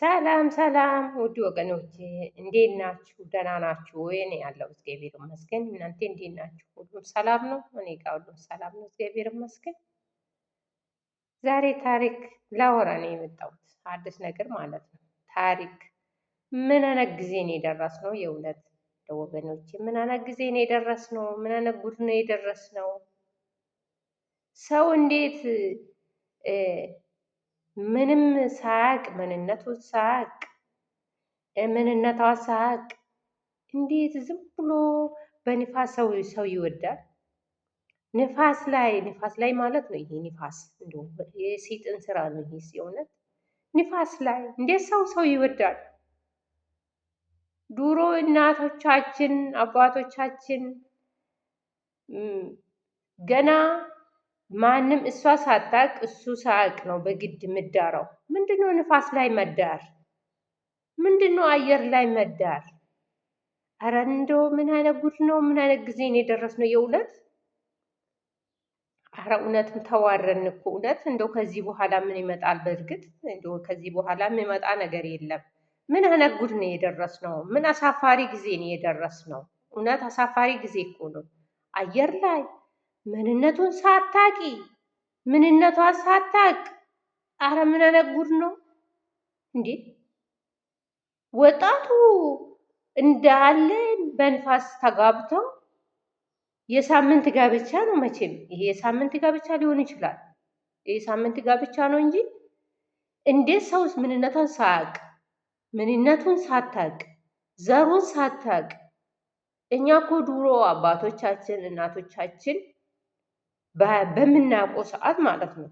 ሰላም ሰላም ውድ ወገኖች እንዴት ናችሁ? ደህና ናችሁ ወይ? እኔ ያለው እግዚአብሔር ይመስገን። እናንተ እንዴት ናችሁ? ሁሉም ሰላም ነው? እኔ ጋር ሁሉም ሰላም ነው፣ እግዚአብሔር ይመስገን። ዛሬ ታሪክ ላወራ ነው የመጣሁት፣ አዲስ ነገር ማለት ነው። ታሪክ ምን አይነት ጊዜ ነው የደረስነው? የእውነት ለወገኖች ምን አይነት ጊዜ ነው የደረስነው? ምን አይነት ጉድ ነው የደረስነው? ሰው እንዴት ምንም ሳያቅ ምንነቱ ሳያቅ ምንነቷ ሳያቅ እንዴት ዝም ብሎ በንፋስ ሰው ሰው ይወዳል? ንፋስ ላይ ንፋስ ላይ ማለት ነው። ይሄ ንፋስ እንደውም የሰይጣን ስራ ነው። ይሄ የእውነት ንፋስ ላይ እንዴት ሰው ሰው ይወዳል? ድሮ እናቶቻችን አባቶቻችን ገና ማንም እሷ ሳታቅ እሱ ሳያቅ ነው በግድ የምዳረው። ምንድነው ንፋስ ላይ መዳር? ምንድነው አየር ላይ መዳር? ኧረ እንደው ምን አይነት ጉድ ነው? ምን አይነት ጊዜ ነው የደረስነው? የእውነት እውነትም ተዋረን እኮ እውነት። እንደው ከዚህ በኋላ ምን ይመጣል? በእርግጥ እንደው ከዚህ በኋላ የሚመጣ ነገር የለም። ምን አይነት ጉድ ነው የደረስነው? ምን አሳፋሪ ጊዜ ነው የደረስነው? እውነት አሳፋሪ ጊዜ እኮ ነው አየር ላይ ምንነቱን ሳታቂ ምንነቷን ሳታቅ፣ አረ ምን አይነት ነው እንዴ! ወጣቱ እንዳለ በንፋስ ተጋብተው የሳምንት ጋብቻ ነው መቼም። ይሄ የሳምንት ጋብቻ ሊሆን ይችላል። ይሄ የሳምንት ጋብቻ ነው እንጂ እንዴት ሰው ምንነቷን ሳያቅ፣ ምንነቱን ሳታቅ፣ ዘሩን ሳታቅ። እኛ እኮ ድሮ አባቶቻችን እናቶቻችን በምናውቀው ሰዓት ማለት ነው።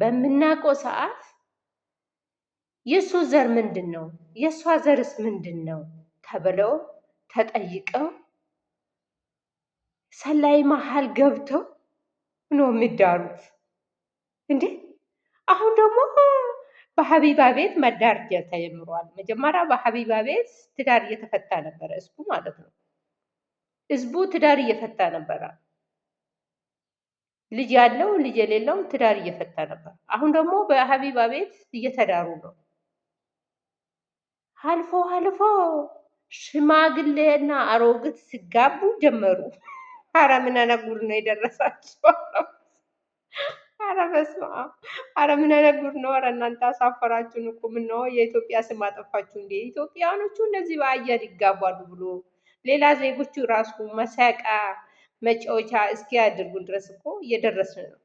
በምናውቀው ሰዓት የእሱ ዘር ምንድን ነው? የእሷ ዘርስ ምንድን ነው? ተብለው ተጠይቀው ሰላይ መሀል ገብተው ነው የሚዳሩት። እንዴ አሁን ደግሞ በሀቢባ ቤት መዳር ተጀምሯል። መጀመሪያ በሀቢባ ቤት ትዳር እየተፈታ ነበረ ህዝቡ ማለት ነው። ህዝቡ ትዳር እየፈታ ነበረ። ልጅ ያለው ልጅ የሌለው ትዳር እየፈታ ነበር። አሁን ደግሞ በሀቢባ ቤት እየተዳሩ ነው። አልፎ አልፎ ሽማግሌና አሮግት ሲጋቡ ጀመሩ። አረ ምን ነጉር ነው የደረሳቸው! አረ በስመ አብ! አረ ምን ነጉር ነው! አረ እናንተ አሳፈራችሁን እኮ ምነው የኢትዮጵያ ስም አጠፋችሁ እንዴ! ኢትዮጵያኖቹ እንደዚህ በአየር ይጋባሉ ብሎ ሌላ ዜጎቹ ራሱ መሰቃ መጫወቻ እስኪያደርጉን ድረስ እኮ እየደረስን ነው።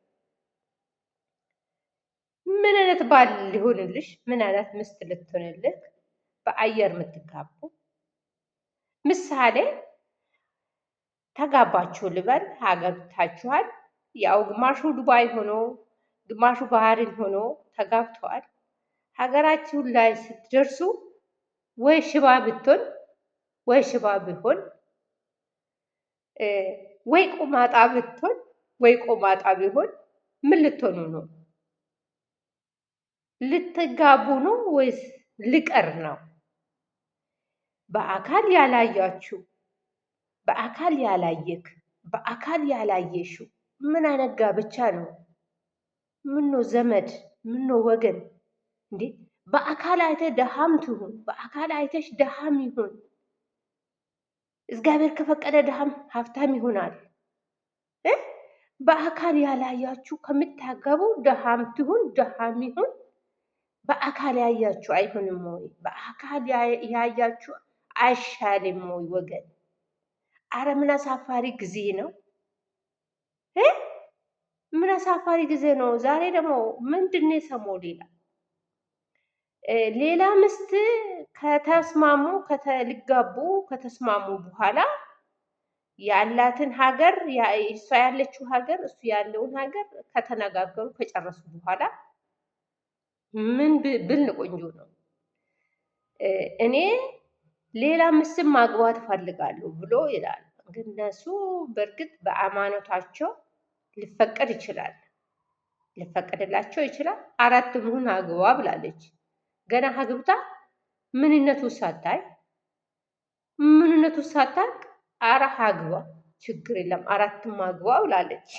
ምን አይነት ባል ሊሆንልሽ? ምን አይነት ምስት ልትሆንልህ? በአየር የምትጋቡ ምሳሌ ተጋባችሁ ልበል፣ አገብታችኋል። ያው ግማሹ ዱባይ ሆኖ ግማሹ ባህሪን ሆኖ ተጋብተዋል። ሀገራችሁ ላይ ስትደርሱ ወይ ሽባ ብትሆን ወይ ሽባ ቢሆን ወይ ቆማጣ ብትሆን ወይ ቆማጣ ቢሆን ምን ልትሆኑ ነው? ልትጋቡ ነው ወይስ ልቀር ነው? በአካል ያላያችሁ በአካል ያላየክ በአካል ያላየሽው ምን አይነት ጋብቻ ነው? ምኖ ዘመድ ምኖ ወገን እንዴ! በአካል አይተ ደሃም ትሁን፣ በአካል አይተሽ ደሃም ይሁን እግዚአብሔር ከፈቀደ ድሃም ሀብታም ይሆናል። በአካል ያላያችሁ ከምታገቡ ድሃም ትሁን ድሃም ይሁን በአካል ያያችሁ አይሆንም ወይ? በአካል ያያችሁ አይሻልም ወይ? ወገን አረ ምን አሳፋሪ ጊዜ ነው! ምን አሳፋሪ ጊዜ ነው! ዛሬ ደግሞ ምንድን ነው ሌላ ሌላ ሚስት ከተስማሙ ከተልጋቡ ከተስማሙ በኋላ ያላትን ሀገር እሷ ያለችው ሀገር እሱ ያለውን ሀገር ከተነጋገሩ ከጨረሱ በኋላ ምን ብል ቆንጆ ነው። እኔ ሌላ ሚስትም ማግባት እፈልጋለሁ ብሎ ይላል። ግን እነሱ በእርግጥ በአማኖታቸው ሊፈቀድ ይችላል ሊፈቀድላቸው ይችላል። አራት ምሁን አግባ ብላለች። ገና አግብታ ምንነቱ ሳታይ ምንነቱ ሳታቅ አራ አግባ ችግር የለም አራትም አግባ ብላለች።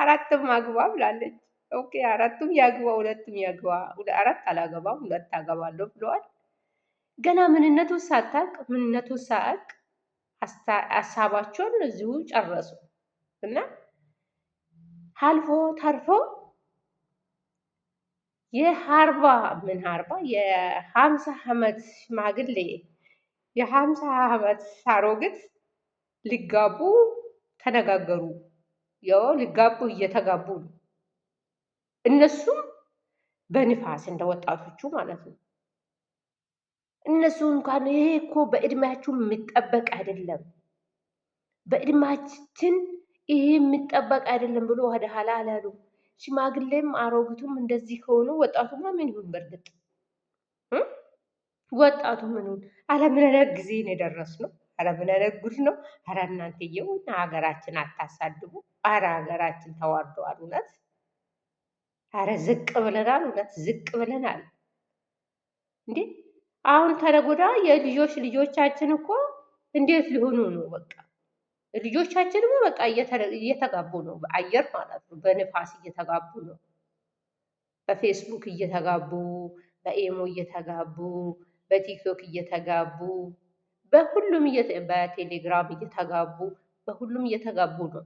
አራትም አግባ ብላለች። ኦኬ አራቱም ያግባ ሁለቱም ያግባ አራት አላገባም ሁለት አገባለሁ ብለዋል። ገና ምንነቱ ሳታቅ ምንነቱ ሳቅ ሀሳባቸውን እዚሁ ጨረሱ እና አልፎ ተርፎ የአርባ ምን አርባ የሀምሳ ዓመት ሽማግሌ የሀምሳ ዓመት ሳሮግት ሊጋቡ ተነጋገሩ። ያው ሊጋቡ እየተጋቡ ነው። እነሱም በንፋስ እንደ ወጣቶቹ ማለት ነው። እነሱ እንኳን ይሄ እኮ በእድሜያችሁ የሚጠበቅ አይደለም፣ በእድሜያችን ይሄ የሚጠበቅ አይደለም ብሎ ወደ ኋላ አላሉም። ሽማግሌም አሮጊቱም እንደዚህ ከሆኑ ወጣቱማ ምን ይሁን? በእርግጥ ወጣቱ ምን ይሁን? አረ ጊዜ ነው የደረስነው? አረ ምን ጉድ ነው? አረ እናንተየው ሀገራችን አታሳድቡ። አረ ሀገራችን ተዋርደዋል። እውነት አረ ዝቅ ብለናል። እውነት ዝቅ ብለናል እንዴ! አሁን ተነጎዳ የልጆች ልጆቻችን እኮ እንዴት ሊሆኑ ነው? በቃ ልጆቻችንም በቃ እየተጋቡ ነው፣ በአየር ማለት ነው፣ በንፋስ እየተጋቡ ነው፣ በፌስቡክ እየተጋቡ፣ በኤሞ እየተጋቡ፣ በቲክቶክ እየተጋቡ፣ በሁሉም በቴሌግራም እየተጋቡ፣ በሁሉም እየተጋቡ ነው።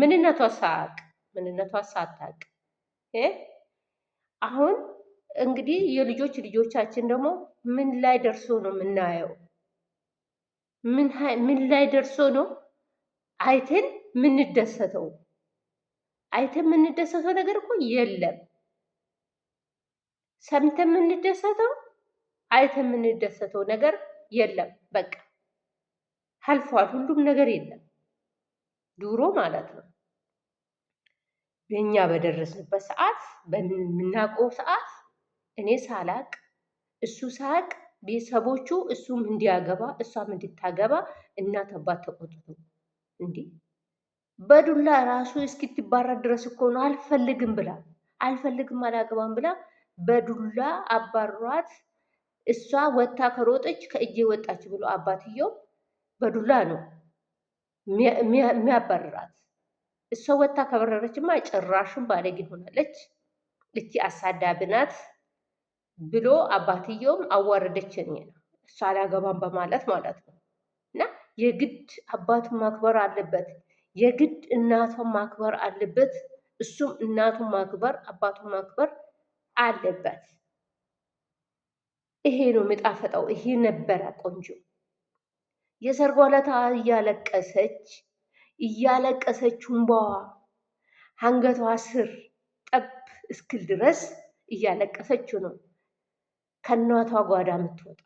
ምንነቷ ሳቅ ምንነቷ ሳታቅ አሁን እንግዲህ የልጆች ልጆቻችን ደግሞ ምን ላይ ደርሶ ነው የምናየው? ምን ላይ ደርሶ ነው አይተን የምንደሰተው አይተን የምንደሰተው ነገር እኮ የለም። ሰምተን የምንደሰተው አይተን የምንደሰተው ነገር የለም። በቃ አልፏል። ሁሉም ነገር የለም ድሮ ማለት ነው። በእኛ በደረስንበት ሰዓት በምናውቀው ሰዓት እኔ ሳላቅ እሱ ሳቅ ቤተሰቦቹ እሱም እንዲያገባ እሷም እንድታገባ እናት አባት ተቆጥቶ እንዲህ በዱላ ራሱ እስክትባረር ድረስ እኮ ነው አልፈልግም ብላ አልፈልግም አላገባም ብላ በዱላ አባሯት። እሷ ወታ ከሮጠች ከእጄ ወጣች ብሎ አባትየው በዱላ ነው የሚያባርራት። እሷ ወታ ከበረረችማ ጭራሽም ባለጌ ሆናለች፣ ልቲ አሳዳቢ ናት ብሎ አባትየውም አዋረደችን እሷ አላገባም በማለት ማለት ነው እና የግድ አባቱን ማክበር አለበት፣ የግድ እናቱን ማክበር አለበት። እሱም እናቱን ማክበር አባቱን ማክበር አለበት። ይሄ ነው የሚጣፈጠው። ይሄ ነበረ ቆንጆ። የሰርጓ ዕለት እያለቀሰች እያለቀሰች እንባዋ አንገቷ ስር ጠብ እስክል ድረስ እያለቀሰችው ነው ከእናቷ ጓዳ የምትወጣ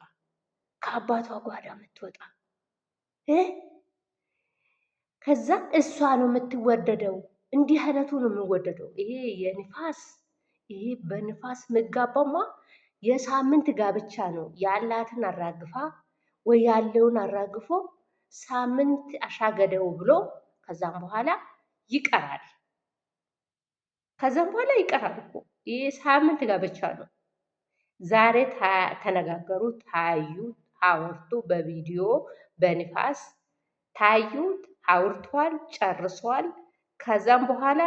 ከአባቷ ጓዳ የምትወጣ ከዛ እሷ ነው የምትወደደው። እንዲህ አይነቱ ነው የምወደደው። ይሄ የንፋስ ይሄ በንፋስ መጋባማ የሳምንት ጋብቻ ነው። ያላትን አራግፋ ወይ ያለውን አራግፎ ሳምንት አሻገደው ብሎ ከዛም በኋላ ይቀራል። ከዛም በኋላ ይቀራል እኮ ይሄ ሳምንት ጋብቻ ነው። ዛሬ ተነጋገሩ፣ ታዩ፣ አወርቱ በቪዲዮ በንፋስ ታዩት፣ አውርቷል፣ ጨርሷል። ከዛም በኋላ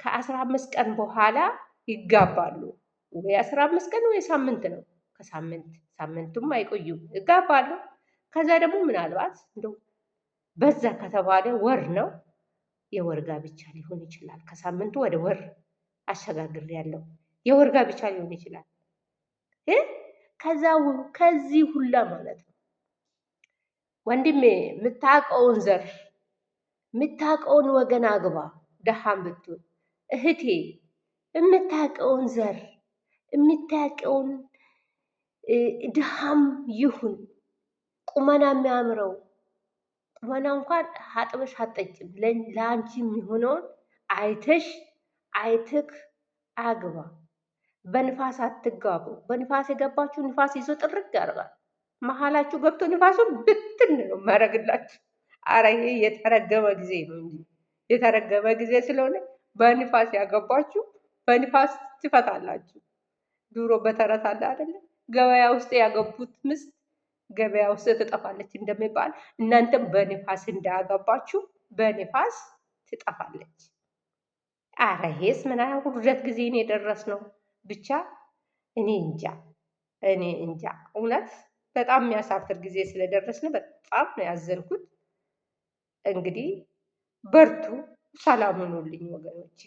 ከአስራ አምስት ቀን በኋላ ይጋባሉ። ወይ አስራ አምስት ቀን ወይ ሳምንት ነው። ከሳምንት ሳምንቱም አይቆዩም ይጋባሉ። ከዛ ደግሞ ምናልባት እንደው በዛ ከተባለ ወር ነው የወር ጋብቻ ሊሆን ይችላል። ከሳምንቱ ወደ ወር አሸጋግር ያለው የወር ጋብቻ ሊሆን ይችላል። ከዛ ከዚህ ሁላ ማለት ነው ወንድሜ የምታውቀውን ዘር የምታውቀውን ወገን አግባ፣ ደሃም ብትሆን እህቴ የምታውቀውን ዘር የምታውቀውን ድሃም ይሁን ቁመና የሚያምረው ቁመና እንኳን ሀጥበሽ አጠጭም ለአንቺ የሚሆነውን አይተሽ አይትክ አግባ። በንፋስ አትጋቡ። በንፋስ የገባችሁ ንፋስ ይዞ ጥርግ ያርጋል። መሀላችሁ ገብቶ ንፋሱ ብትን ነው የማደርግላችሁ። አረ ይሄ የተረገመ ጊዜ ነው እንጂ የተረገመ ጊዜ ስለሆነ በንፋስ ያገባችሁ በንፋስ ትፈታላችሁ። ዱሮ በተረት አለ አይደለ? ገበያ ውስጥ ያገቡት ምስት ገበያ ውስጥ ትጠፋለች እንደሚባል እናንተም በንፋስ እንዳያገባችሁ በንፋስ ትጠፋለች። አረ ይሄስ ምን ውርደት ጊዜ ነው የደረስነው። ብቻ እኔ እንጃ እኔ እንጃ እውነት በጣም የሚያሳፍር ጊዜ ስለደረስን በጣም ነው ያዘንኩት። እንግዲህ በርቱ፣ ሰላም ሁኑልኝ ወገኖቼ።